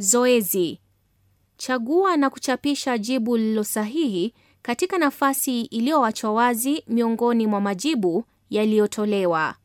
Zoezi: chagua na kuchapisha jibu lililo sahihi katika nafasi iliyoachwa wazi miongoni mwa majibu yaliyotolewa.